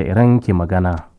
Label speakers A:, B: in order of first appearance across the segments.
A: da Iran ke magana.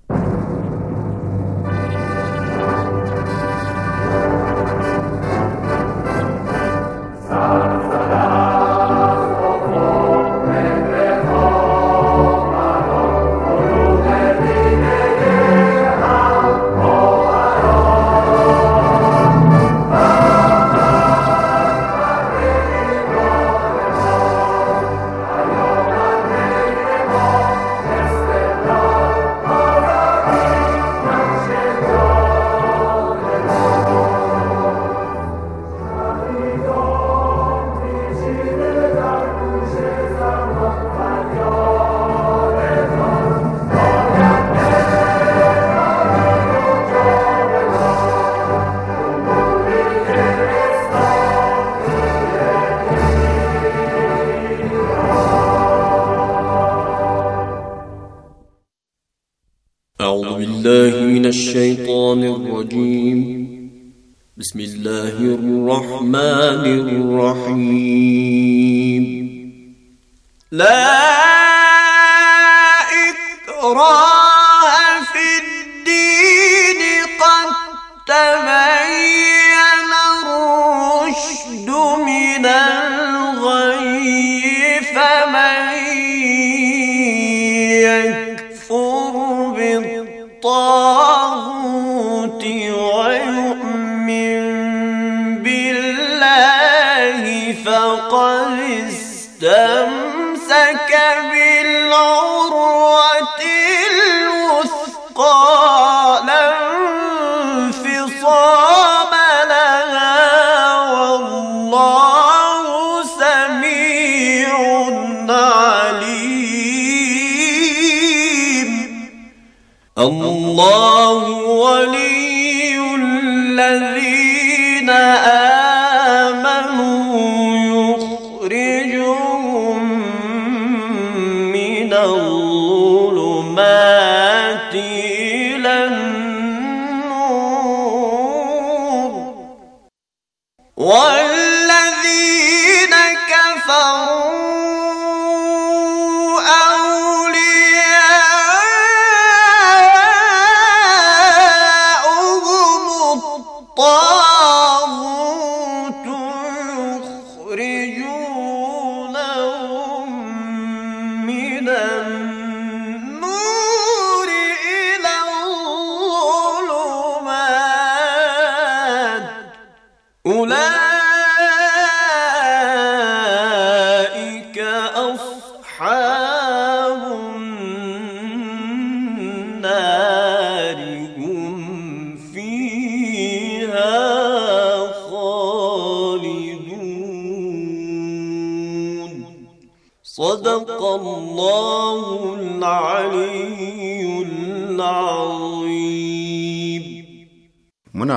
B: الله ولي الذي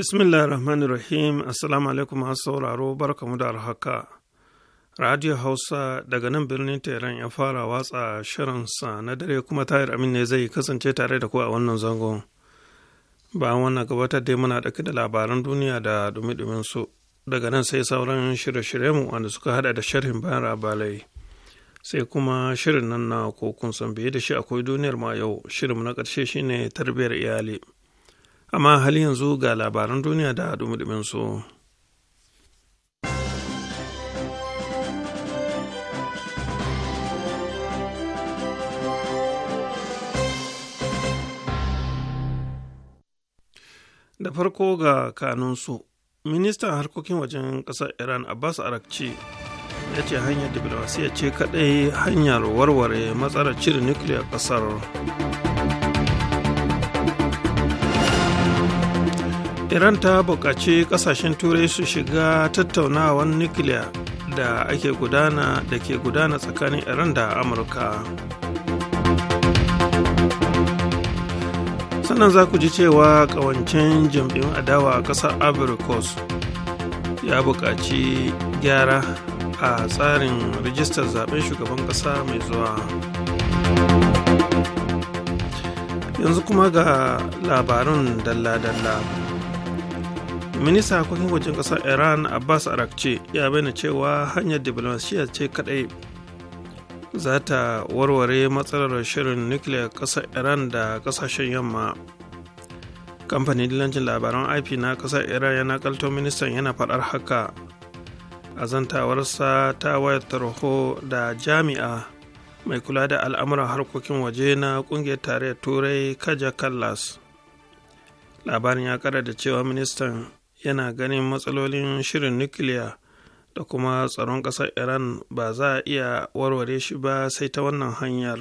C: Bismillah rahman rahim Assalamu alaikum masu sauraro barkamu da alhaka Radio Hausa daga nan birnin Tehran ya fara watsa shirinsa na dare kuma tayar amin ne zai kasance tare da ku a wannan zangon. Bayan wannan gabatar dai muna ɗauke da labaran duniya da dumi dumin su daga nan sai sauran shirye-shiryenmu wanda suka hada da sharhin bayan rabalai. Sai kuma shirin nan na kokun san biye da shi akwai duniyar ma yau shirin na ƙarshe shine tarbiyyar iyali. amma hali yanzu ga labaran duniya da dumudumin su. da farko ga kanunsu ministan harkokin wajen ƙasar iran abbas arakci ya ce hanyar diplomasiya ce kadai hanyar warware matsalar cire nukiliyar ƙasar iran ta buƙaci ƙasashen turai su shiga tattaunawan nukiliya da ake gudana da ke gudana tsakanin iran da amurka sannan za ku ji cewa ƙawancen jam'in adawa a ƙasar abirikos ya buƙaci gyara a tsarin rijistar zaben shugaban ƙasa mai zuwa yanzu kuma ga labarin dalla-dalla minista harkokin wajen ƙasar iran abbas arakce ya bayyana cewa hanyar diplomasiyya ce kadai za ta warware matsalar shirin nukiliyar ƙasar iran da kasashen yamma kamfanin dillancin labaran ip na ƙasar iran yana kalto ministan yana faɗar haka a zantawarsa ta wayar tarho da jami'a mai kula da al'amuran harkokin waje na ƙungiyar tarayyar turai kaja kallas labarin ya kara da cewa ministan yana ganin matsalolin shirin nukiliya da kuma tsaron ƙasar iran ba za a iya warware shi ba sai ta wannan hanyar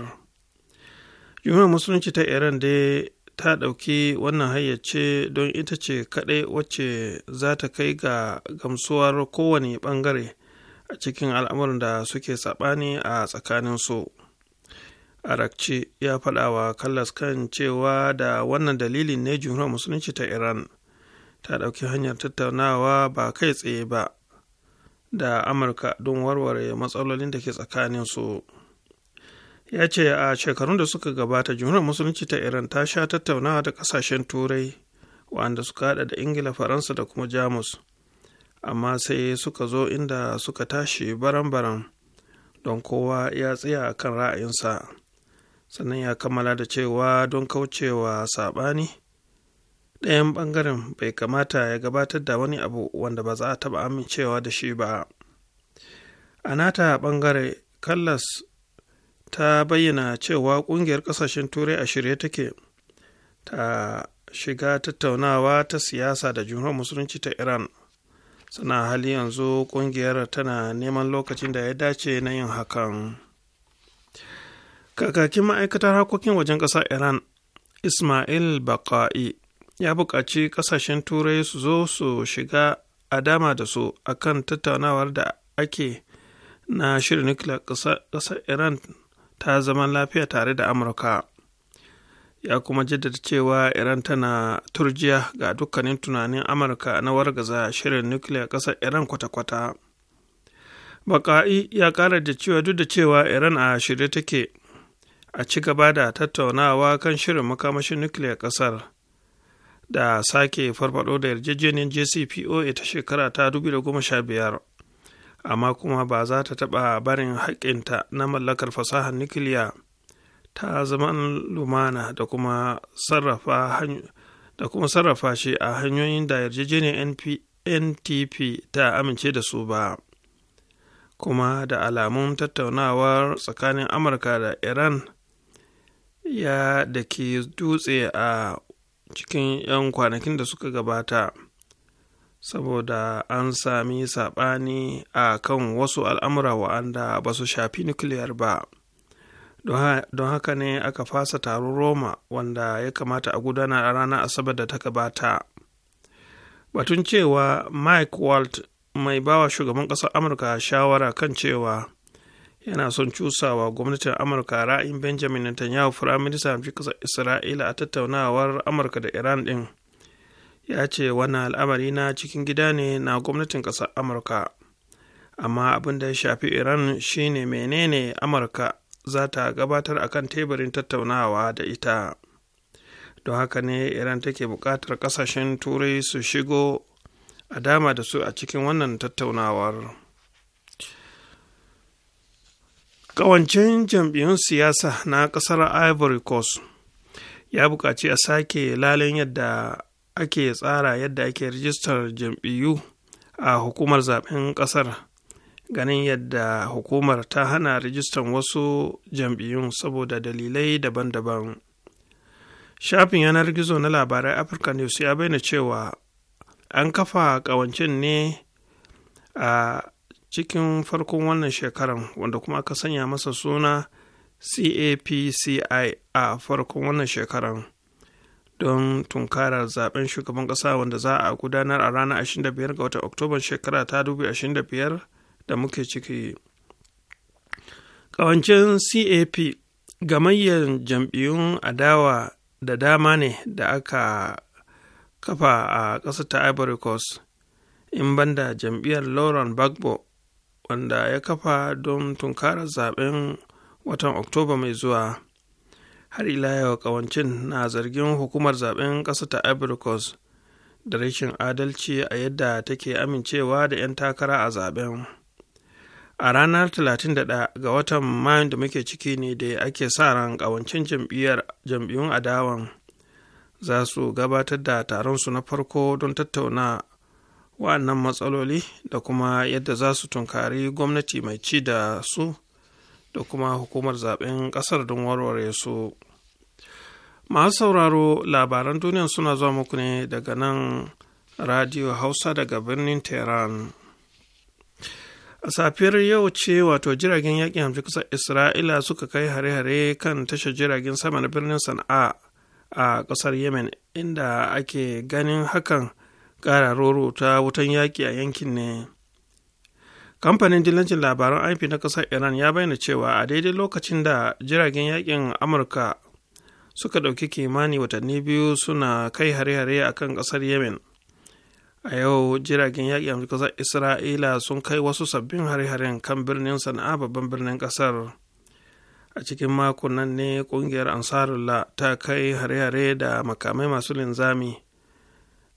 C: jumhuriyar musulunci ta iran dai ta ɗauki wannan hayyace don ita ce kaɗai wacce za ta kai ga gamsuwar kowane bangare a cikin al'amuran da suke saɓani a tsakanin su. arakci ya faɗawa wa kallas kan cewa da wannan dalilin ne jumhuriyar musulunci ta iran ta ɗauki hanyar tattaunawa ba kai tsaye ba da amurka don warware matsalolin da ke tsakanin su ya ce a shekarun da suka gabata jumhuriyar musulunci ta iran ta sha tattaunawa da ƙasashen turai wanda suka hada da ingila faransa da kuma jamus amma sai suka zo inda suka tashi baran-baran don kowa ya tsaya kan ra'ayinsa sannan ya kammala da cewa don kaucewa saɓani ɗayan ɓangaren bai kamata ya gabatar da wani abu wanda ba za a taɓa amincewa da shi ba a nata ɓangare kallas ta bayyana cewa ƙungiyar ƙasashen turai a shirye take ta shiga tattaunawa ta siyasa da jumhuriyar musulunci ta iran suna hali yanzu ƙungiyar tana neman lokacin da ya dace na yin hakan kakakin ma'aikatar harkokin wajen ƙasar iran ismail baka'i ya buƙaci ƙasashen turai su zo su shiga a dama da su a kan tattaunawar da ake na shirin nukiliyar ƙasar iran ta zaman lafiya tare da amurka ya kuma jaddada cewa iran tana turjiya ga dukkanin tunanin amurka na wargaza shirin nukiliyar ƙasar iran kwata-kwata baka'i ya ƙara da cewa duk da cewa iran a shirye take a ci gaba da tattaunawa kan shirin makamashin nukiliyar ƙasar da sake farfado da yarjejeniyar jcpoa ta shekara ta 2015 amma kuma ba za ta taɓa barin haƙƙinta na mallakar fasahar nukiliya ta zaman lumana da kuma sarrafa da kuma sarrafa shi a hanyoyin da yarjejeniyar ntp ta amince da su ba kuma da alamun tattaunawar tsakanin amurka da iran ya da ke dutse a cikin 'yan kwanakin da suka gabata saboda an sami saɓani a kan wasu al'amura wa'anda ba su shafi nukiliyar ba don haka ne aka fasa taron roma wanda ya kamata a gudana a ranar asabar da ta gabata batun cewa mike walt mai bawa shugaban ƙasar amurka shawara kan cewa yana son cusawa gwamnatin amurka ra'ayin benjamin netanyahu firaminista amshi kasar isra'ila a tattaunawar amurka da iran din ya ce wannan al'amari na cikin gida ne na gwamnatin ƙasar amurka amma abin da ya shafi iran shine menene amurka za ta gabatar a kan teburin tattaunawa da ita don haka ne iran take buƙatar ƙasashen turai su shigo a dama da su a cikin wannan tattaunawar. ƙawancen jam'iyyun siyasa na ƙasar ivory coast ya buƙaci a sake lalin yadda ake tsara yadda ake rijistar jam'iyyu a hukumar zaben ƙasar ganin yadda hukumar ta hana rijistar wasu jam'iyyun saboda dalilai daban-daban shafin yanar gizo na labarai afirka news ya bayyana cewa an kafa ƙawancen ne a cikin farkon wannan shekaran wanda kuma aka sanya masa suna capci a farkon wannan shekaran don tunkarar zaben shugaban ƙasa wanda za a gudanar a ranar 25 ga watan oktoban shekara ta 2025 da muke ciki kawancin cap gamayyar jam'iyyun adawa da dama ne da aka kafa a ƙasar ta ivory coast in banda jam'iyyar lauren bagbo wanda ya kafa don tunkarar zaben watan oktoba mai zuwa har ila yau kawancin na zargin hukumar zaben ƙasa ta ivory da rashin adalci a yadda take amincewa da 'yan takara a zaben a ranar 31 ga watan mayun da muke ciki ne da ake sa ran kawancin jam'iyyun adawan za su gabatar da taron su na farko don tattauna wa'annan matsaloli da kuma yadda za su tunkari gwamnati mai ci da su da kuma hukumar zaben ƙasar don warware su masu sauraro labaran duniya suna zuwa muku ne daga nan radio hausa daga birnin tehran a safiyar yau ce wato jiragen yakin hamshi kusa isra'ila suka kai hare-hare kan tashar jiragen sama na birnin sana'a a ƙasar yemen inda ake ganin hakan kara roro ta wutan yaƙi a yankin ne kamfanin dillancin labaran ip na ƙasar iran ya bayyana cewa a daidai lokacin da jiragen yaƙin amurka suka ɗauki kimani watanni biyu suna kai hare-hare a kan ƙasar yemen a yau jiragen yaƙin ƙasar isra'ila sun kai wasu sabbin hare-haren kan birnin sana'a babban birnin ƙasar a cikin makon nan ne ƙungiyar ansarullah ta kai hare-hare da makamai masu linzami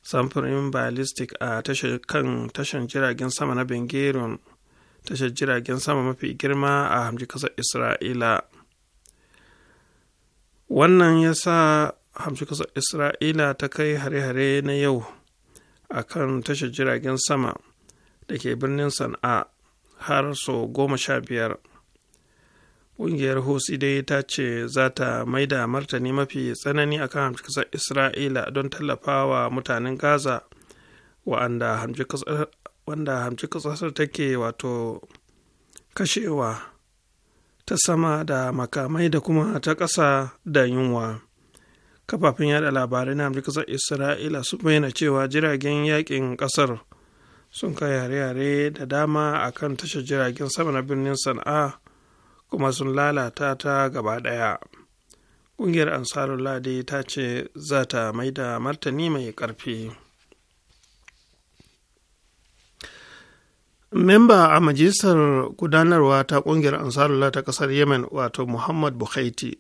C: samfurin ballistic a kan tashar jiragen sama na bengerun tashar jiragen sama mafi girma a hamji kasar isra'ila wannan ya sa hamji kasar isra'ila ta kai hare-hare na yau a kan tashar jiragen sama da ke birnin sana'a har sau goma sha biyar ƙungiyar hosi dai ta ce za ta mai da martani mafi tsanani akan hamshi isra'ila don tallafawa mutanen gaza wanda hamshi take wato kashewa ta sama da makamai da kuma ta ƙasa da yunwa kafafen yada labarai na hamshi isra'ila sun bayyana cewa jiragen yakin ƙasar sun kai yare-yare da dama akan tashar jiragen sama na birnin sana'a kuma sun lalata ta gaba ɗaya ƙungiyar ansarullah dai ta ce za ta mai da martani mai ƙarfi memba a majalisar gudanarwa ta ƙungiyar ansarullah ta ƙasar yemen wato muhammad bukhaiti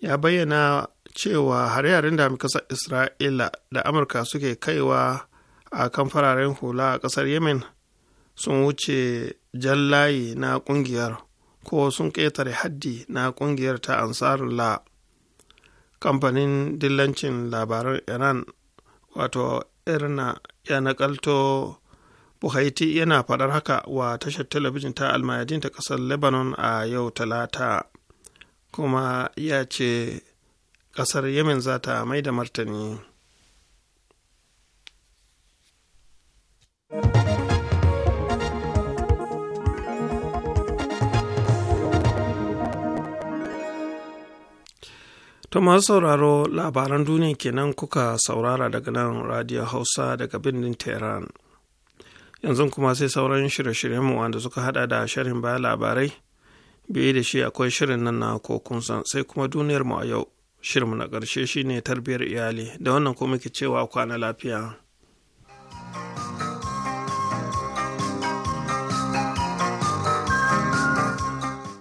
C: ya bayyana cewa hare-haren da ƙasar isra'ila da amurka suke kaiwa a kan fararen hula a ƙasar yemen sun wuce jan layi na ƙungiyar ko sun ƙetare haddi na ƙungiyar ta la kamfanin dillancin labaran iran wato irna ya nakalto buhaiti yana faɗar haka wa tashar talabijin ta almayadin ta ƙasar lebanon a yau talata kuma ya ce ƙasar yemen za ta mai da martani. To masu sauraro labaran duniya kenan kuka saurara daga nan Radio Hausa daga birnin Tehran. Yanzu kuma sai sauran shirye shiryen mu wanda suka hada da shirin baya labarai, biye da shi akwai shirin nan na kokun san sai kuma duniyar mu a yau. Shirinmu na ƙarshe shine tarbiyar iyali, da wannan kuma muke cewa kwana lafiya.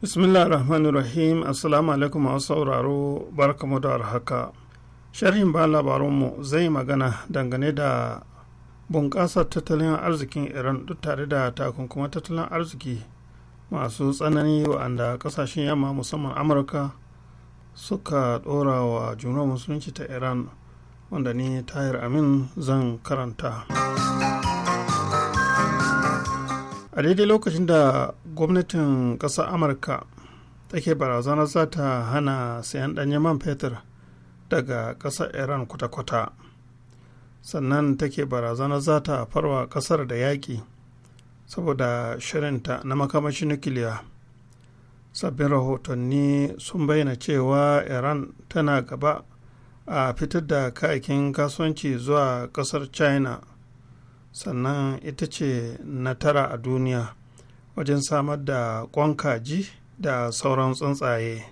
C: bismillah rahman rahim assalamu alaikum masu sauraro barkamu da haka sharhin ba mu zai magana dangane da bunƙasar tattalin arzikin iran duk tare da takunkuma tattalin arziki masu tsanani wa'anda ƙasashen yamma musamman amurka suka ɗora wa juna musulunci ta iran wanda ni tahir amin zan karanta a daidai lokacin da gwamnatin ƙasar amurka take barazanar za ta hana sayan ɗanyen man fetur daga ƙasar iran kwata-kwata sannan take barazanar za ta farwa ƙasar da yaƙi saboda shirinta na makamashin nukiliya sabbin rahotanni sun bayyana cewa iran tana gaba a fitar da kayakin kasuwanci zuwa ƙasar china sannan ita ce na tara a duniya wajen samar da ƙwan kaji da sauran tsuntsaye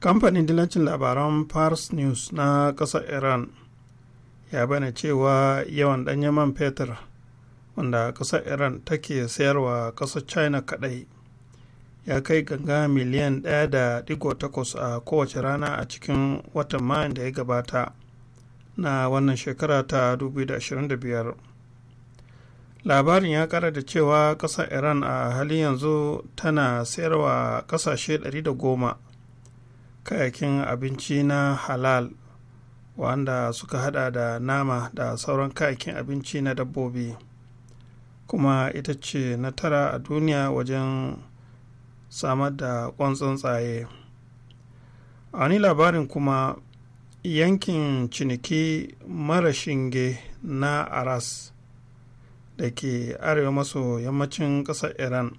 C: kamfanin dilancin labaran pars news na ƙasar iran ya bane cewa yawan ɗanye man fetur wanda ƙasar iran take sayarwa ƙasar china kaɗai ya kai ganga miliyan 1.8 a kowace rana a cikin watan mayan da ya gabata na wannan shekara ta 2025 labarin ya kara da cewa ƙasar iran a halin yanzu tana sayarwa ƙasashe 110 kayakin abinci na halal wanda suka hada da nama da sauran kayakin abinci na dabbobi kuma ita ce na tara a duniya wajen samar da kwan tsuntsaye a wani labarin kuma yankin ciniki mara shinge na aras da ke arewa maso yammacin ƙasar iran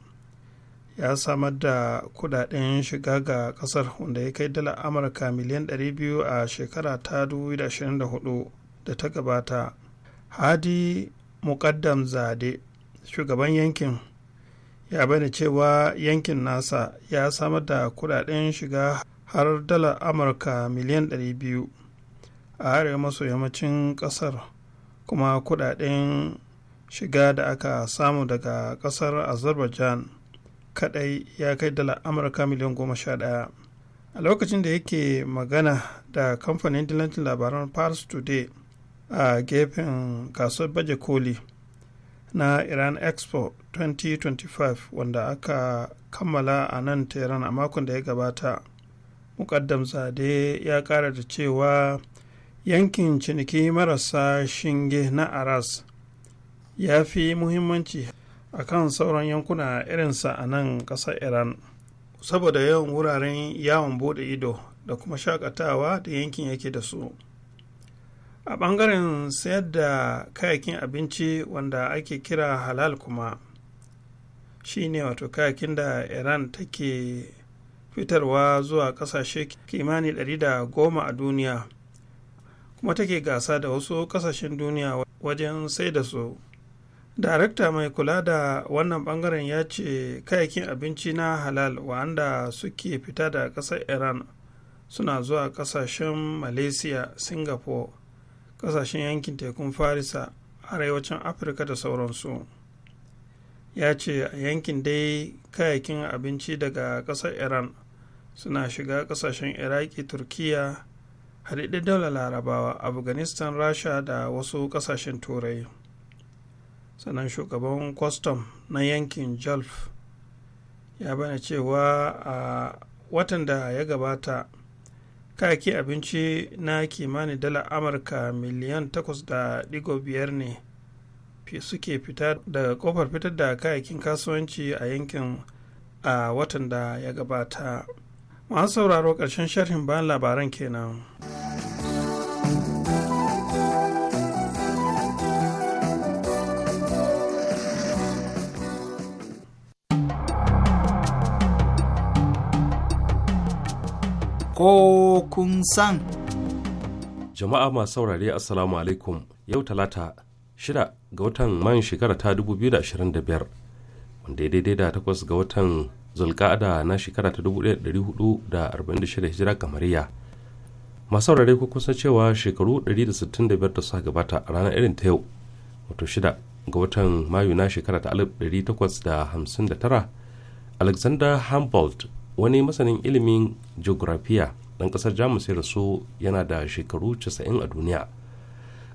C: ya samar da kudaden shiga ga ƙasar wanda ya kai dala amurka miliyan 200 a shekara ta 2024 da ta gabata hadi mukaddam zade shugaban yankin ya bane cewa yankin nasa ya samar da kudaden shiga har dala amurka miliyan 200 a arewa maso yammacin ƙasar kuma kudaden shiga da aka samu daga kasar azerbaijan kadai ya kai dala amurka miliyan goma sha daya a lokacin da yake magana da kamfanin dillancin labaran pars today a gefen kasuwar baje koli na iran expo 2025 wanda aka kammala a nan tehran a makon da ya gabata mukaddam zade ya kara da cewa yankin ciniki marasa shinge na aras ya fi muhimmanci a kan sauran yankuna irinsa a nan ƙasar iran saboda yawan wuraren yawon bude ido da kuma shakatawa da yankin yake da su a ɓangaren sayar da kayakin abinci wanda ake kira halal kuma shi ne wato kayakin da iran take fitarwa zuwa ƙasashe kimani 110 a duniya kuma take gasa da wasu ƙasashen duniya wajen sai da su darakta mai kula da wannan bangaren ya ce kayakin abinci na halal wanda suke fita da kasar iran suna zuwa kasashen malaysia singapore kasashen yankin tekun farisa arewacin afirka da sauransu ya ce a yankin dai kayakin abinci daga kasar iran suna shiga kasashen iraki turkiya haɗaɗɗen daular larabawa afghanistan rasha da wasu kasashen turai sannan shugaban kwastam na yankin jolf ya bayyana cewa a watan da ya gabata kayaki abinci na kimanin dala amurka miliyan 8.5 ne suke fita daga kofar fitar da kayakin kasuwanci a yankin a watan da ya gabata masu sauraro ƙarshen sharhin bayan labaran kenan.
D: ko kun san.
A: Jama'a masu saurare Assalamu alaikum yau talata shida ga watan man shekara ta 2025 wanda ya daidai da takwas ga watan zulka'ada na shekara ta 1446 hijira kamariya. Masu saurare ko kusa cewa shekaru 165 da suka gabata a ranar irin ta yau wato shida ga watan mayu na shekara ta 1859 Alexander Humboldt wani masanin ilimin geografiya ɗan ƙasar jamus ya rasu yana da shekaru 90 a duniya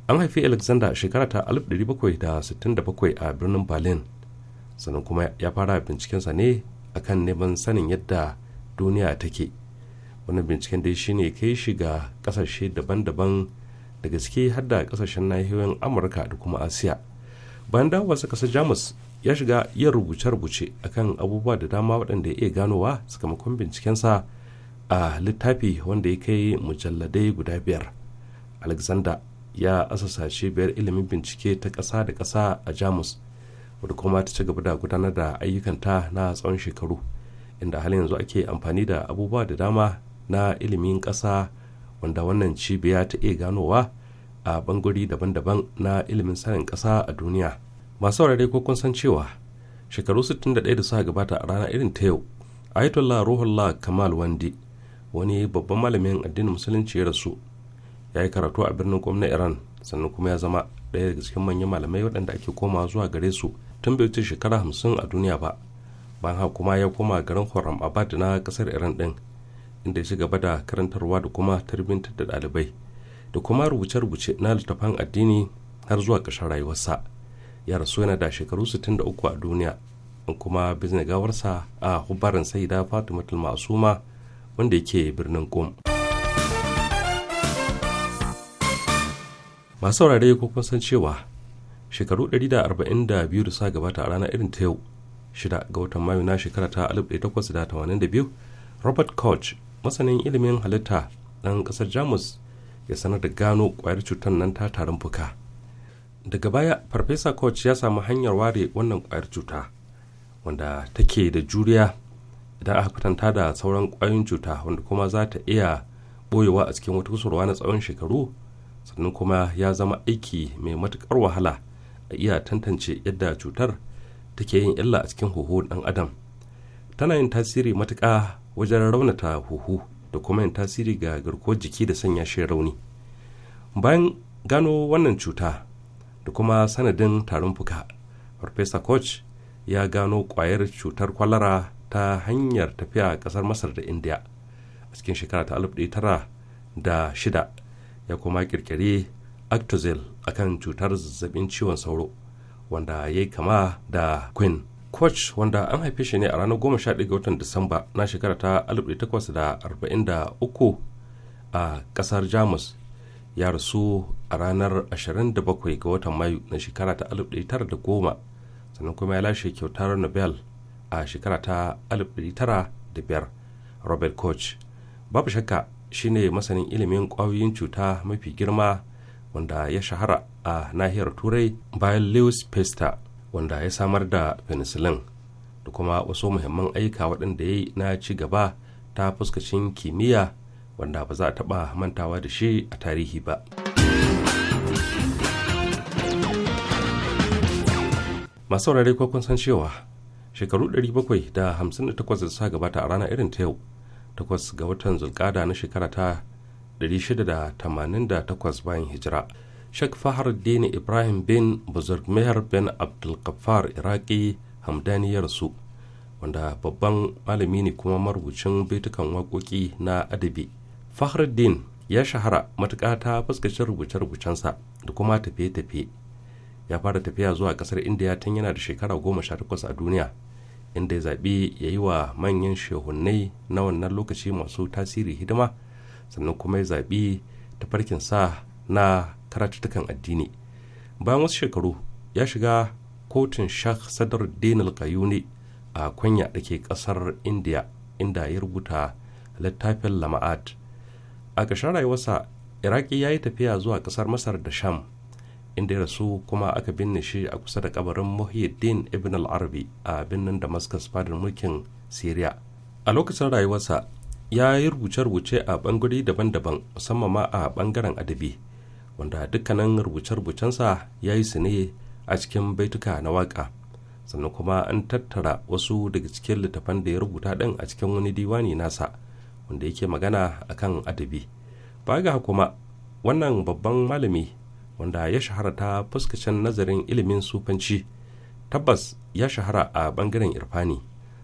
A: an haifi alexander shekara ta 1767 a birnin berlin sannan kuma ya fara bincikensa ne akan neman sanin yadda duniya take wani binciken dai shine kai shi ga kasashe daban-daban da gaske har da ƙasashen nahiyoyin amurka da kuma asiya bayan dawowarsa kasar jamus ya shiga yin rubuce-rubuce akan abubuwa da dama waɗanda ya iya ganowa sakamakon bincikensa a littafi wanda ya kai mujalladai guda biyar alexander ya asasa biyar ilimin bincike ta ƙasa da ƙasa a jamus wadda kuma ta ci gaba da gudanar da ayyukanta na tsawon shekaru inda halin yanzu ake amfani da abubuwa da dama na ilimin ƙasa wanda wannan cibiya ta iya ganowa a bangori daban-daban na ilimin sanin ƙasa a duniya masu saurare ko kun san cewa shekaru 61 da suka gabata a rana irin ta yau ayatollah ruhullah kamal wandi wani babban malamin addinin musulunci ya rasu ya yi karatu a birnin na iran sannan kuma ya zama ɗaya daga cikin manyan malamai waɗanda ake koma zuwa gare su tun bai wuce shekara hamsin a duniya ba ban haka kuma ya koma garin horam abad na ƙasar iran ɗin inda ya ci gaba da karantarwa da kuma tarbintar da ɗalibai da kuma rubuce-rubuce na littafan addini har zuwa ƙarshen rayuwarsa ya rasu yana da shekaru 63 a duniya kuma bizne gawarsa a hubbaran saida fatimatul masuma wanda yake birnin kum masu saurare ko kun san cewa shekaru 142 da sa gabata a ranar irin ta yau shida ga watan mayu na shekara ta 1882 robert koch masanin ilimin halitta ɗan ƙasar jamus ya sanar da gano kwayar cutar nan ta tarin fuka daga baya farfesa coach ya samu hanyar ware wannan kwayar cuta wanda take da juriya idan aka kwatanta da sauran kwayoyin cuta wanda kuma za ta iya boyewa a cikin wata kusurwa na tsawon shekaru sannan kuma ya zama aiki mai matukar wahala a iya tantance yadda cutar take yin illa a cikin huhu ɗan adam tana yin tasiri matuka wajen raunata huhu da kuma yin tasiri ga garkuwar jiki da sanya shi rauni bayan gano wannan cuta da kuma sanadin tarin fuka farfesa koch ya gano kwayar cutar kwalara ta hanyar tafiya a kasar masar da india a cikin shekara ta tara da shida ya kuma kirkiri actozil akan cutar zazzabin ciwon sauro wanda ya yi kama da queen koch wanda an haife shi ne a ranar goma sha ga watan disamba na shekara ta da da arba'in uku a kasar jamus ya rasu a ranar ashirin da bakwai ga watan mayu na shekara ta tara da goma sannan kuma ya lashe kyautar nobel a shekara ta tara da biyar. robert koch babu shakka shi ne masanin ilimin ƙwayoyin cuta mafi girma wanda ya shahara a nahiyar turai bayan lewis pester wanda ya samar da penicillin da kuma wasu muhimman aika waɗanda ya yi na ci gaba ta fuskacin kimiyya wanda ba za a taɓa mantawa da shi a tarihi ba. masu saurare san cewa shekaru 758 da suka gabata a ranar irin ta yau takwas ga watan zulkada na shekara ta 688 bayan hijira Sheikh Fahruddin Ibrahim bin Buzurgmeher bin Abdulkaffar Iraki Hamdani ya rasu wanda babban malami ne kuma marubucin baitukan waƙoƙi na adabi. Fahruddin ya shahara matuƙa ta fuskacin rubuce-rubucensa da kuma tafiye-tafiye. Ya fara tafiya zuwa ƙasar Indiya tun yana da shekara goma sha takwas a duniya inda ya zaɓi ya yi wa manyan shehunnai na wannan lokaci masu tasiri hidima sannan kuma ya zaɓi tafarkinsa na karatuttukan addini bayan wasu shekaru ya shiga kotun shak sadar denil kayuni a kwanya da ke kasar india inda ya rubuta littafin lama'ad a ƙarshen rayuwarsa iraki ya yi tafiya zuwa ƙasar masar da sham inda ya rasu kuma aka binne shi a kusa da kabarin muhyiddin ibn al-arabi a birnin damascus fadin mulkin syria a lokacin rayuwarsa ya yi rubuce-rubuce a bangare daban-daban musamman ma a ɓangaren adabi wanda dukkanin rubuce-rubucensa ya yi su ne a cikin baituka na waƙa sannan kuma an tattara wasu daga cikin littafan da ya rubuta ɗin a cikin wani diwani nasa wanda yake magana a kan adabi baga kuma wannan babban malami wanda ya shahara ta fuskacin nazarin ilimin sufanci tabbas ya shahara a bangaren irfani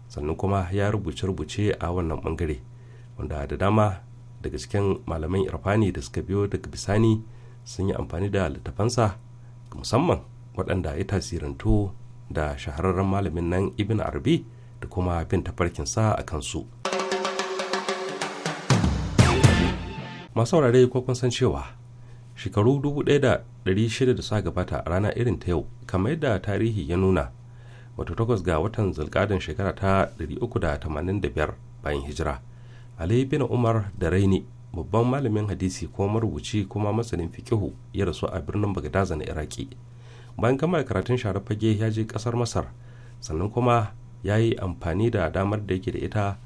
A: sannan kuma ya rubuce rubuce a wannan bangare wanda da dama daga cikin malaman irfani da suka biyo daga bisani sun yi amfani da littafansa musamman waɗanda ya tasirantu da shahararren malamin nan ibn arabi da kuma bin tafarkinsa a kansu masu wurare ko kun san cewa shekaru 1600 da suka gabata a rana irin ta yau kamar yadda tarihi ya nuna wato takwas ga watan zulkadin shekara ta 385 bayan hijira ali bin umar da raini babban malamin hadisi kuma marubuci kuma masanin fikihu ya rasu a birnin bagdaza na iraki bayan kammala karatun share fage ya je kasar masar sannan kuma ya yi amfani da damar da yake da ita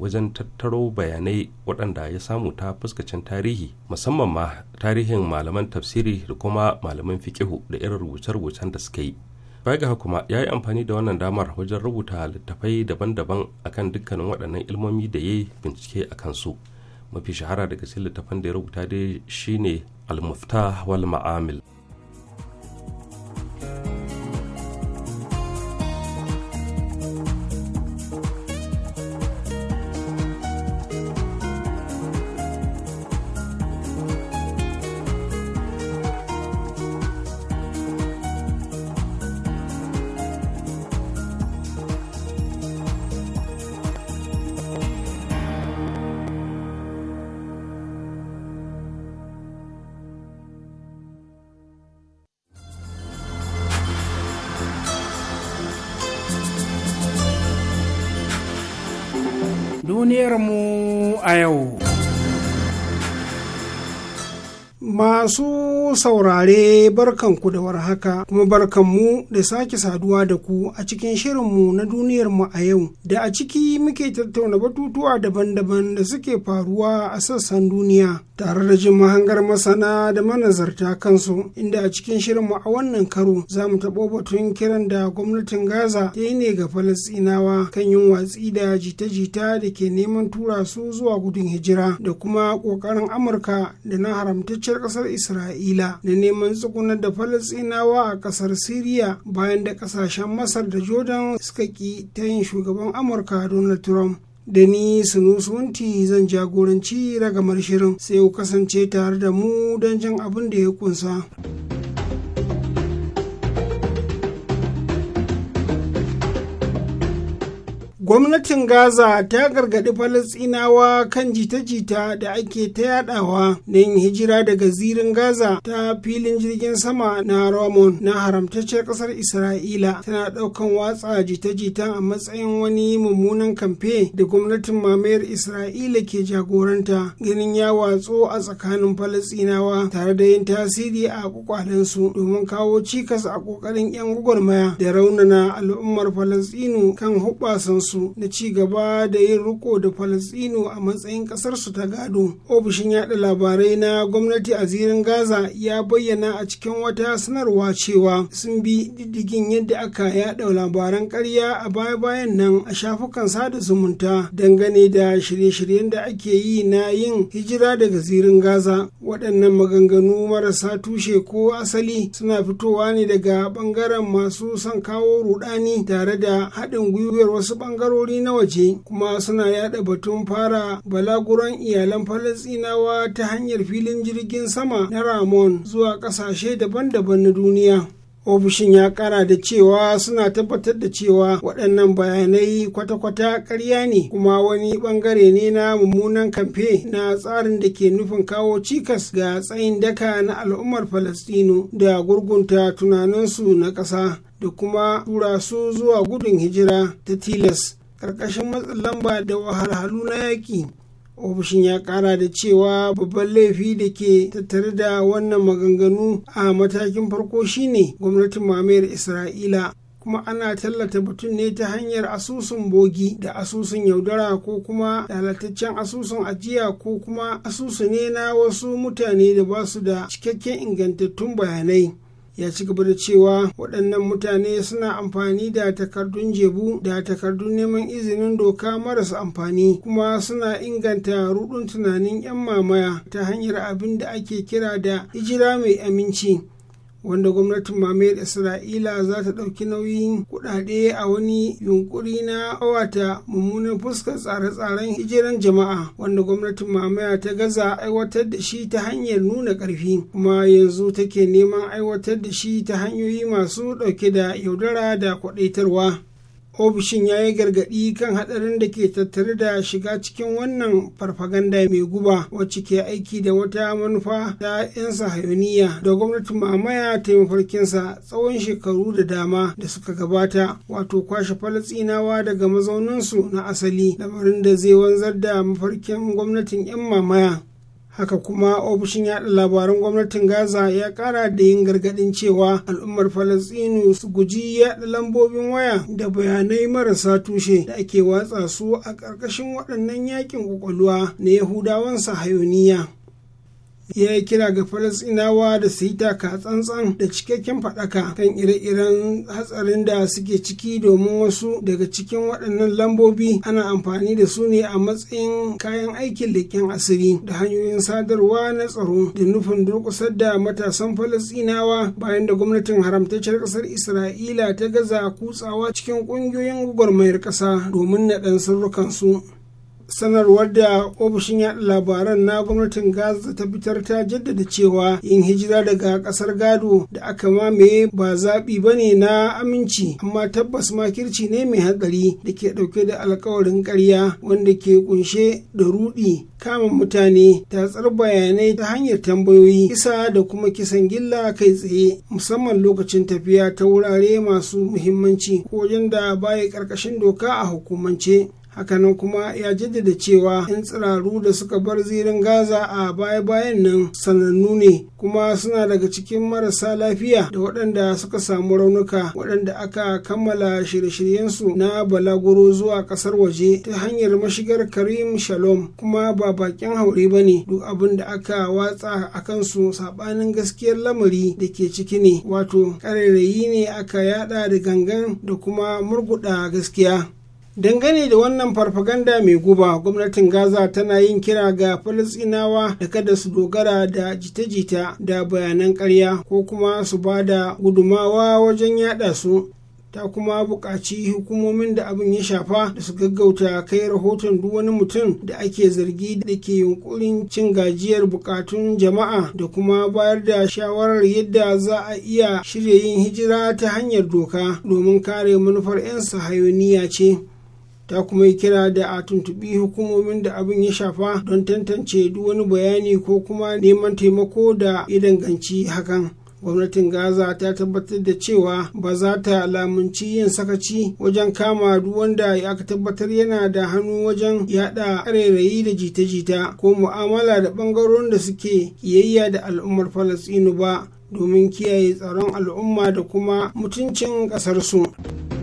A: wajen tattaro bayanai waɗanda ya samu ta fuskacin tarihi musamman ma tarihin malaman tafsiri da kuma malaman fikihu da irin rubuce-rubucen da suka yi bai ga kuma ya yi amfani da wannan damar wajen rubuta littattafai daban-daban akan dukkanin waɗannan ilmomi da ya yi bincike a kansu. su mafi shahara daga cikin littafan da ya rubuta dai shine al-muftah wal ma'amil
E: saurare barkan ku da warhaka kuma barkan mu da sake saduwa da ku a cikin shirinmu na duniyar mu a yau da a ciki muke tattauna batutuwa daban-daban da suke faruwa a sassan duniya tare da jin mahangar masana da manazarta kansu inda a cikin shirinmu a wannan karo za mu taɓo batun kiran da gwamnatin gaza ta yi ne ga falastinawa kan yin watsi da jita-jita da ke neman tura su zuwa gudun hijira da kuma ƙoƙarin amurka da na haramtacciyar ƙasar isra'ila na neman tsugunar da falasinawa a kasar siriya bayan da kasashen masar da jordan suka ki ta yin shugaban amurka donald trump da ni sunusunti zan jagoranci ragamar shirin sai ku kasance tare da mu don jin abin da ya kunsa. Gwamnatin Gaza ta gargaɗi Falasinawa kan jita-jita da ake ta yadawa, na yin hijira daga zirin Gaza ta filin jirgin sama na Ramon na haramtacciyar ƙasar Isra'ila tana ɗaukan watsa jita-jita a matsayin wani mummunan kamfe da gwamnatin mamayar Isra'ila ke jagoranta ganin ya watso a tsakanin Falasinawa, tare da yin tasiri a kwakwalensu domin kawo cikas a kokarin 'yan gwagwarmaya da raunana al'ummar Falasinu kan huɓasansu. su na ci gaba da yin riko da falasino a matsayin ƙasarsu ta gado ofishin yada labarai na gwamnati a zirin gaza ya bayyana a cikin wata sanarwa cewa sun bi diddigin yadda aka yada labaran karya a baya-bayan nan a shafukan sada zumunta dangane da shirye-shiryen da ake yi na yin hijira daga zirin gaza waɗannan maganganu marasa tushe ko asali suna fitowa ne daga ɓangaren masu son kawo rudani tare da haɗin gwiwar wasu ɓangaren ɓangarori na waje kuma suna yada batun fara balaguran iyalan falasinawa ta hanyar filin jirgin sama na ramon zuwa ƙasashe daban-daban na duniya ofishin ya kara da cewa suna tabbatar da cewa waɗannan bayanai kwata-kwata ƙarya ne kuma wani ɓangare ne na mummunan kamfe na tsarin da ke nufin kawo cikas ga tsayin daka na al'ummar falastinu da gurgunta tunaninsu na ƙasa da kuma tura su zuwa gudun hijira ta tilas ƙarƙashin matsin lamba da wahalhalu na yaƙi ofishin ya ƙara da cewa babban laifi da ke tattare da wannan maganganu a matakin farko shine gwamnatin mamayar isra'ila kuma ana tallata batun ne ta hanyar asusun bogi da asusun yaudara ko kuma lalataccen asusun ajiya ko kuma asusu ne na wasu mutane da ba su da cikakken ingantattun bayanai ya ci gaba da cewa waɗannan mutane suna amfani da takardun jebu da takardun neman izinin doka marasa amfani kuma suna inganta rudun tunanin 'yan mamaya ta hanyar abin da ake kira da hijira mai aminci wanda gwamnatin mamayar isra'ila za ta ɗauki nauyin kuɗaɗe a wani yunkuri na awata mummunan fuskar tsare-tsaren hijiran jama'a wanda gwamnatin mamaya ta gaza aiwatar da shi ta hanyar nuna ƙarfi kuma yanzu take neman aiwatar da shi ta hanyoyi masu ɗauke da yaudara da kwaɗaitarwa ofishin ya yi gargaɗi kan haɗarin da ke tattare da shiga cikin wannan farfaganda mai guba wacce ke aiki da wata manufa ta 'yan sahayoniya da gwamnatin mamaya ta mafarkinsa tsawon shekaru da dama da suka gabata wato kwashe falatsinawa daga mazauninsu na asali lamarin da zai wanzar da mafarkin gwamnatin 'yan mamaya haka kuma ofishin yaɗa labaran gwamnatin gaza ya ƙara da yin gargaɗin cewa al'ummar Falasinu su guji yaɗa lambobin waya da bayanai marasa tushe da ake watsa su a ƙarƙashin waɗannan yakin ƙwaƙwalwa na yahudawan sahayoniya ya yi kira ga falasinawa da su yi taka tsantsan da cikakken faɗaka kan ire-iren hatsarin da suke ciki domin wasu daga cikin waɗannan lambobi ana amfani da su ne a matsayin kayan aikin leƙen asiri da hanyoyin sadarwa na tsaro da nufin durƙusar da matasan falasinawa bayan da gwamnatin haramtacciyar ƙasar isra'ila ta gaza kutsawa cikin ƙungiyoyin gwagwarmayar ƙasa domin naɗan su. sanarwar da ofishin yaɗa labaran na gwamnatin gaza ta fitar ta jaddada cewa yin hijira daga ƙasar gado da aka mamaye ba zaɓi ba ne na aminci amma tabbas makirci ne mai hatsari da ke ɗauke da alkawarin ƙarya wanda ke kunshe da ruɗi. kama mutane tatsar bayanai ta hanyar tambayoyi kisa da kuma kisan gilla kai tsaye musamman lokacin tafiya ta wurare masu muhimmanci ko wajen da baya ƙarƙashin doka a hukumance hakanan kuma ya jaddada cewa 'yan tsiraru da suka bar zirin gaza a baya-bayan nan sanannu ne kuma suna daga cikin marasa lafiya da waɗanda suka samu raunuka waɗanda aka kammala shirye-shiryensu na balaguro zuwa ƙasar waje ta hanyar mashigar karim shalom kuma ba bakin haure ba ne duk abin da aka watsa a kansu saɓanin gaskiyar lamari da ke ciki ne wato ƙarairayi ne aka yada da gangan da kuma murguɗa gaskiya dangane da wannan farfaganda mai guba gwamnatin gaza tana yin kira ga falasinawa da kada su dogara da jita-jita da bayanan karya ko kuma su ba da gudumawa wajen yada su ta kuma buƙaci hukumomin da abin ya shafa da su gaggauta kai rahoton duk wani mutum da ake zargi da ke yunkurin cin gajiyar buƙatun jama'a da kuma bayar da shawarar yadda za a iya shirya yin hijira ta hanyar doka domin kare manufar 'yan sahayoniya ce ta kuma yi kira da a tuntubi hukumomin da abin ya shafa don tantance duk wani bayani ko kuma neman taimako da idanganci hakan gwamnatin gaza ta tabbatar da cewa ba za ta lamunci yin sakaci wajen kama duk wanda ya tabbatar yana da hannu wajen yada rairayi da jita-jita ko mu'amala da bangarorin da suke kiyayya da al'ummar falasinu ba domin kiyaye tsaron al'umma da kuma mutuncin ƙasarsu. su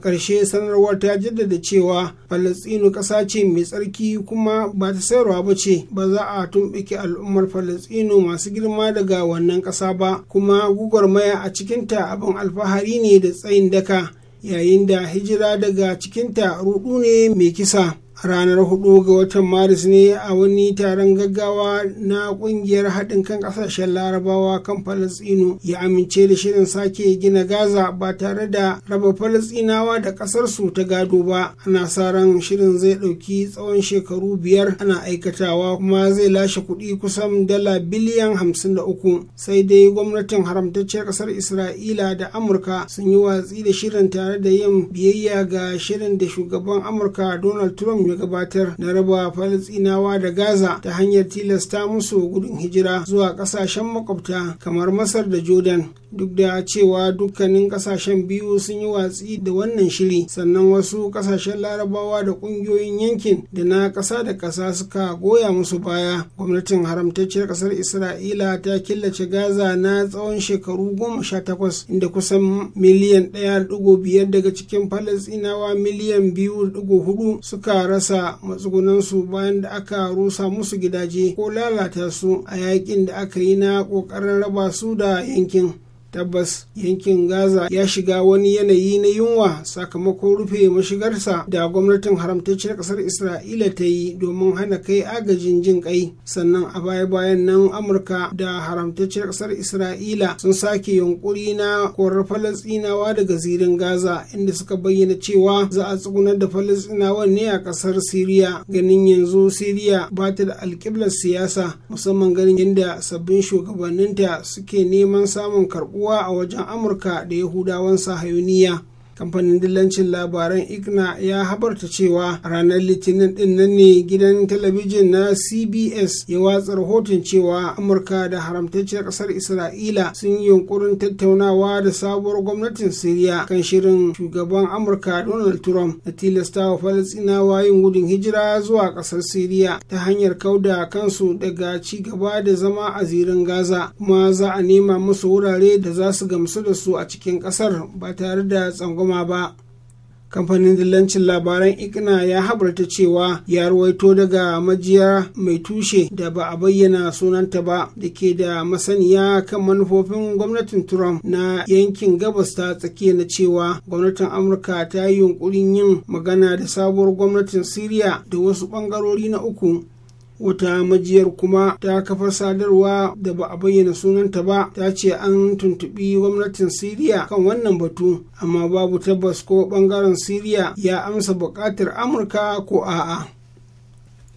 E: a ƙarshe sanarwar ta jaddada cewa falastinu ƙasa ce mai tsarki kuma ba ta sayarwa ba ce ba za a tumɓuke al'ummar falastinu masu girma daga wannan ƙasa ba kuma gugwarmaya a cikinta abin alfahari ne da tsayin daka yayin da hijira daga cikinta ruɗu ne mai kisa ranar 4 ga watan maris ne a wani taron gaggawa na kungiyar haɗin kan ƙasashen larabawa kan falasɗinu ya amince da shirin sake gina gaza ba tare da raba falasɗinawa da ƙasarsu ta gado ba ana sa ran shirin zai ɗauki tsawon shekaru biyar ana aikatawa kuma zai lashe kuɗi kusan dala biliyan hamsin da uku sai dai gwamnatin haramtaccen ƙasar isra'ila da amurka sun yi watsi da shirin tare da yin biyayya ga shirin da shugaban amurka donald trump ya gabatar na raba falastinawa da gaza ta hanyar tilasta musu gudun hijira zuwa kasashen makwabta kamar masar da jordan duk da cewa dukkanin kasashen biyu sun yi watsi da wannan shiri sannan wasu kasashen larabawa da kungiyoyin yankin da na kasa da kasa suka goya musu baya gwamnatin haramtacciyar kasar isra'ila ta killace gaza na tsawon shekaru goma sha takwas inda kusan miliyan ɗaya biyar daga cikin falastinawa miliyan biyu hudu suka rasa rasa matsugunansu bayan da aka rusa musu gidaje ko lalata su a yakin da aka yi na ƙoƙarin raba su da yankin tabbas yankin gaza ya shiga wani yanayi na yunwa sakamakon rufe mashigarsa da gwamnatin haramtacciyar kasar isra'ila ta yi domin hana kai agajin jin kai sannan a baya bayan nan amurka da haramtacciyar kasar isra'ila sun sake yunkuri na korar falastinawa daga zirin gaza inda suka bayyana cewa za a tsugunar da falastinawa ne a kasar siriya ganin yanzu siriya ba ta da alkiblar siyasa musamman ganin yadda sabbin shugabanninta suke neman samun karɓu kowa a wajen amurka da yahudawan sahayuniya kamfanin dillancin labaran igna ya habarta cewa ranar litinin din nan ne gidan talabijin na cbs ya watsa rahoton cewa amurka da haramtacciyar kasar isra'ila sun yi yunkurin tattaunawa da sabuwar gwamnatin siriya kan shirin shugaban amurka donald trump na tilastawa falastinawa yin gudun hijira zuwa kasar siriya ta hanyar kauda kansu daga ci gaba da zama a zirin gaza kuma za a nema musu wurare da za su gamsu da su a cikin kasar ba tare da tsangwama makoma ba kamfanin dillancin labaran ikna ya habarta cewa ya ruwaito daga majiya mai tushe da ba a bayyana sunanta ba da ke da masaniya kan manufofin gwamnatin trump na yankin gabas ta tsakiya na cewa gwamnatin amurka ta yi yunkurin yin magana da sabuwar gwamnatin syria da wasu bangarori na uku wata majiyar kuma ta kafar sadarwa da ba a bayyana sunanta ba ta ce an tuntubi gwamnatin siriya kan wannan batu amma babu tabbas ko bangaren siriya ya amsa bukatar amurka ko a'a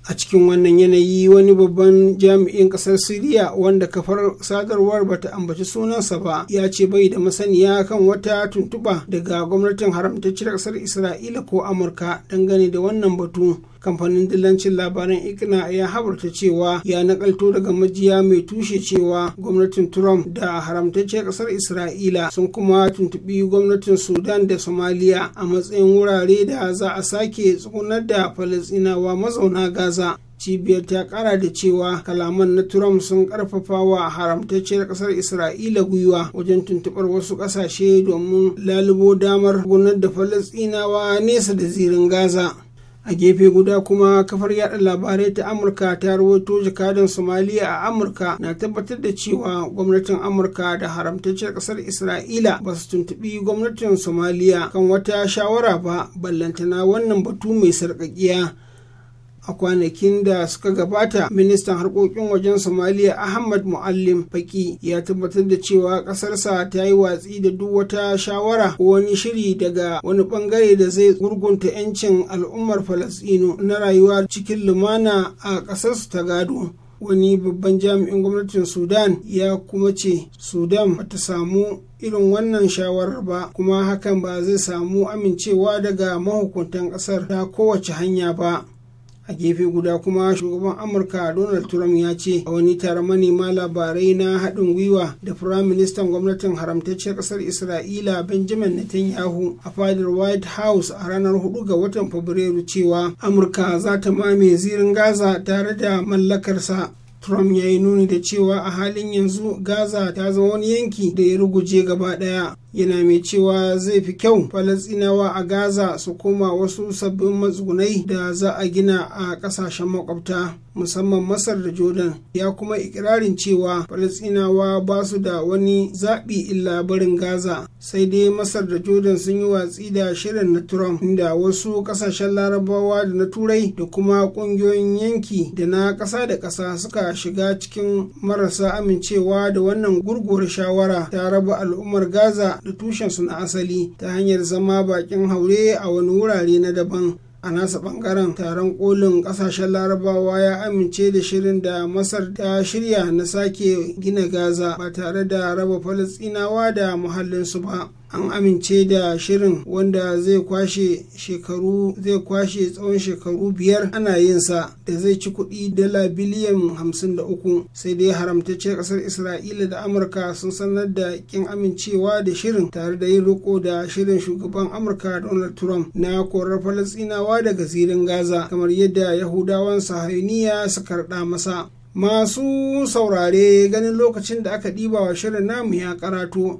E: a cikin wannan yanayi wani babban jami'in kasar siriya wanda kafar sadarwar bata ambaci sunansa ba ya ce bai da masaniya kan wata tuntuɓa daga gwamnatin haramtacciyar kasar isra'ila ko amurka dangane da wannan batu kamfanin dillancin labaran ikna ya habarta cewa ya nakalto daga majiya mai tushe cewa gwamnatin trump da haramtacciyar kasar isra'ila sun kuma tuntubi gwamnatin sudan da somaliya a matsayin wurare da za a sake tsugunar da falasinawa mazauna gaza cibiyar ta kara da cewa kalaman na trump sun karfafa wa haramtacciyar kasar isra'ila gwiwa wajen tuntubar wasu kasashe domin lalubo damar gunar da falasinawa nesa da zirin gaza a gefe guda kuma kafar yada labarai ta amurka ta rawaito jakadan somaliya a amurka na tabbatar da cewa gwamnatin amurka da haramtacciyar kasar isra'ila ba su tuntubi gwamnatin somaliya kan wata shawara ba ballantana wannan batu mai sarƙaƙiya a kwanakin da suka gabata ministan harkokin wajen somaliya ahmad muallim faki ya tabbatar da cewa ƙasarsa ta yi watsi da duk wata shawara ko wani shiri daga wani bangare da zai gurgunta 'yancin al'ummar falasino na rayuwa cikin lumana a ƙasarsu ta gado wani babban jami'in gwamnatin sudan ya kuma ce sudan bata samu irin wannan shawarar ba kuma hakan ba zai samu amincewa daga mahukuntan ƙasar ta kowace hanya ba a gefe guda kuma shugaban amurka donald trump ya ce a wani taron manema labarai na haɗin gwiwa da firayim ministan gwamnatin haramtacciyar ƙasar isra'ila benjamin netanyahu a fadar white house a ranar 4 ga watan fabrairu cewa amurka za ta mame zirin gaza tare da mallakarsa Trump ya yi nuni da cewa a halin yanzu Gaza ta zama wani yanki da ya ruguje gaba ɗaya yana mai cewa zai fi kyau falasinawa a gaza su koma wasu sabbin matsugunai da za a gina a kasashen makwabta musamman masar da jordan ya kuma ikirarin cewa falasinawa ba su da wani zaɓi illa barin gaza sai dai masar da jordan sun yi watsi da shirin na trump inda wasu kasashen larabawa da na turai da kuma ƙungiyoyin yanki da na ƙasa da ƙasa suka shiga cikin marasa amincewa da wannan gurguwar shawara ta raba al'ummar gaza haɗu tushensu na asali ta hanyar zama bakin haure a wani wurare na daban a nasa bangaren taron kolin kasashen larabawa ya amince da shirin da masar ta shirya na sake gina gaza ba tare da raba falasinawa da muhallinsu ba an amince da shirin wanda zai kwashe shekaru zai kwashe tsawon shekaru biyar ana yin sa da zai ci kuɗi dala biliyan hamsin da uku sai dai haramtacce ƙasar isra'ila da amurka sun sanar da kin amincewa da shirin tare da yin riko da shirin shugaban amurka donald trump na korar falastinawa daga zirin gaza kamar yadda yahudawan sahayuniya su karɗa masa masu saurare ganin lokacin da aka ɗiba wa shirin namu ya karatu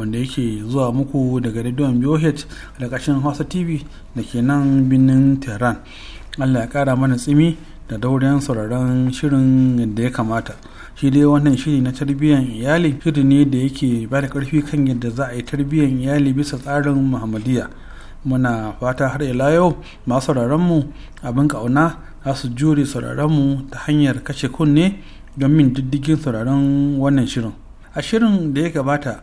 D: wanda yake zuwa muku daga rediyon BOH da kashin Hausa TV da ke nan birnin Tehran. Allah ya kara mana tsimi da daurin sauraron shirin da ya kamata. Shi dai wannan shiri na tarbiyyar iyali shiri ne da yake ba da karfi kan yadda za a yi tarbiyyar iyali bisa tsarin Muhammadiyya. muna fata har ila yau masu mu abin ƙauna za su jure mu ta hanyar kashe kunne don min diddigin sauraron wannan shirin a shirin da ya gabata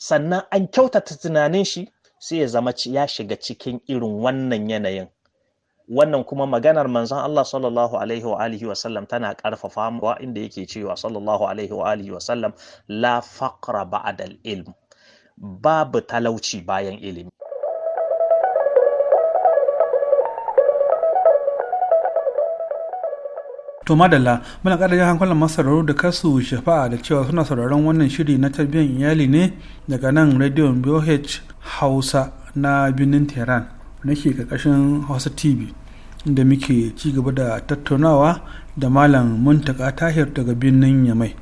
F: sannan an kyautata tunanin shi sai ya zama ya shiga cikin irin wannan yanayin wannan kuma maganar manzon Allah sallallahu alaihi wa alihi wa sallam tana karfafa wa inda yake cewa sallallahu alaihi wa alihi wa sallam la faqra ba'da al-ilm babu talauci bayan ilimi
D: to madalla muna kada jihar kwallon masararru da kasu shafa'a da cewa suna sauraron wannan shiri na tarbiyyar iyali ne daga nan rediyon boh hausa na birnin tehran na ke ƙarƙashin hausa tv da muke ci gaba da tattaunawa da malam muntaka tahir daga birnin yamai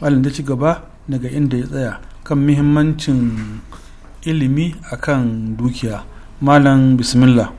D: malam ta ci daga inda ya tsaya kan muhimmancin ilimi akan dukiya malam bismillah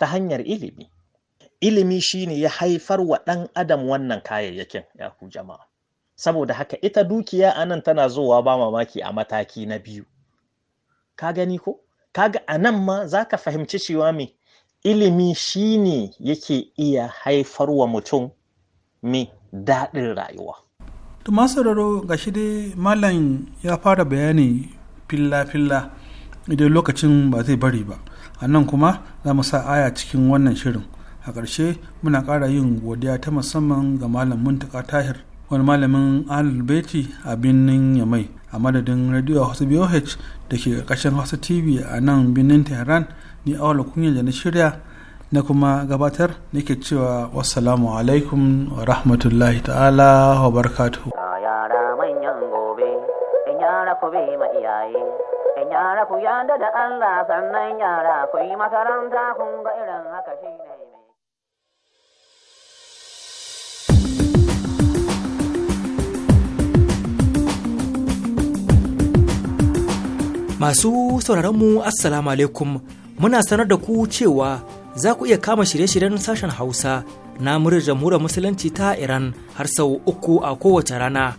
F: ta hanyar ilimi ilimi shine ya haifar wa ɗan adam wannan kayayyakin ya ku jama'a saboda haka ita dukiya a nan tana zuwa ba mamaki a mataki na biyu ka gani ko kaga a nan ma za ka fahimci cewa me ilimi ne yake iya haifar wa mutum me daɗin rayuwa
D: to masararo ga shi dai malam ya fara bayani filla-filla idan lokacin ba zai bari ba a nan kuma za mu sa aya cikin wannan shirin a ƙarshe muna ƙara yin godiya ta musamman ga malam muntaka tahir wani malamin alibeti a birnin yamai a madadin radio hausa boh da ke ƙarƙashin hausa tv a nan birnin tehran ni awala kunya da na shirya na kuma gabatar nake cewa wassalamu alaikum wa rahmatullahi ta'ala wa barkatu manyan gobe in iyaye
B: Yara ku yarda da Allah sannan yara ku yi makaranta kun ga irin haka shi ne.
G: Masu sauraronmu Assalamu alaikum muna sanar da ku cewa za ku iya kama shirye-shiryen sashen Hausa na muryar jamhuriyar Musulunci ta Iran har sau uku a kowace rana.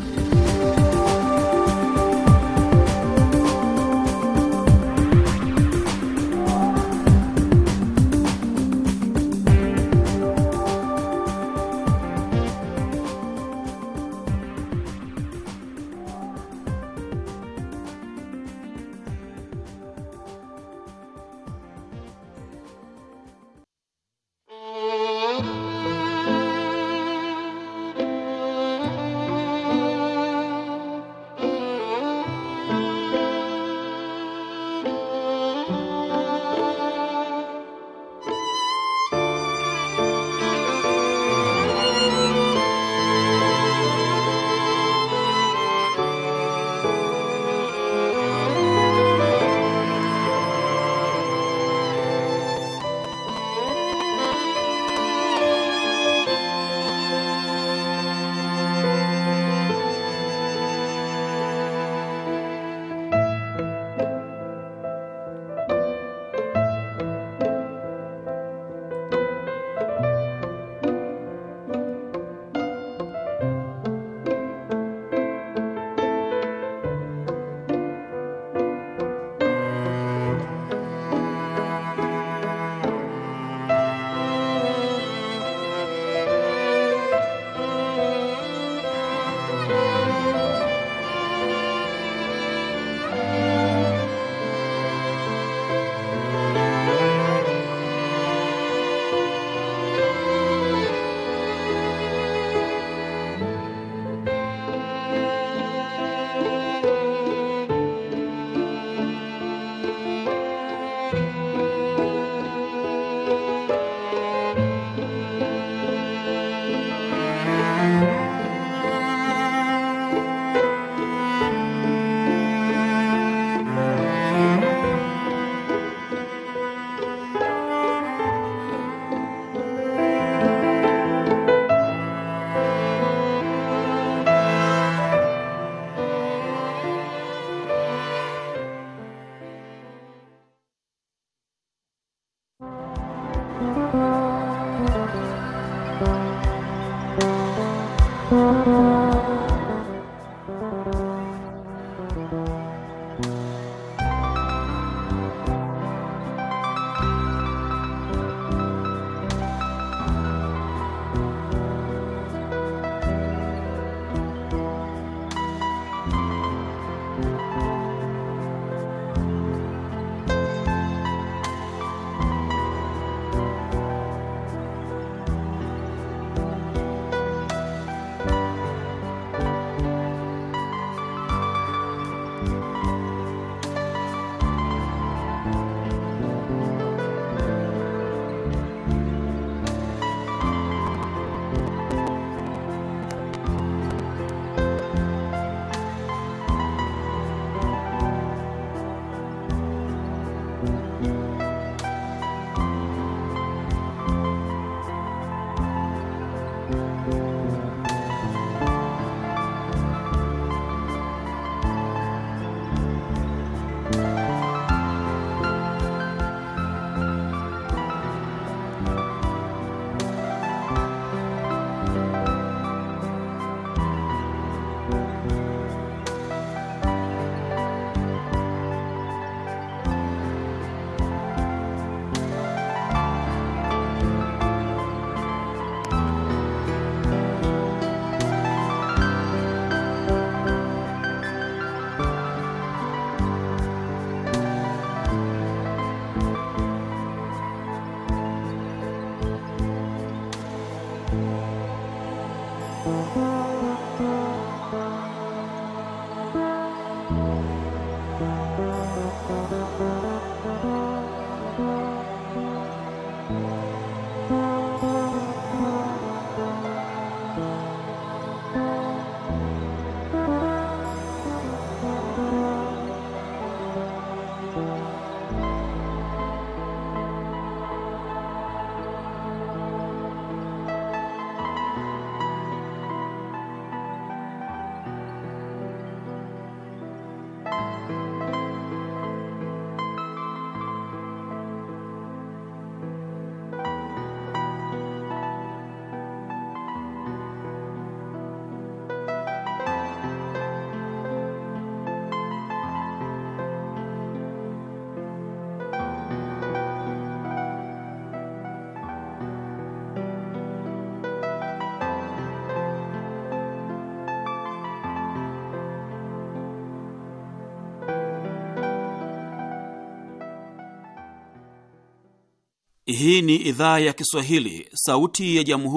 F: Hii ni idhaa ya Kiswahili, sauti ya jamhuri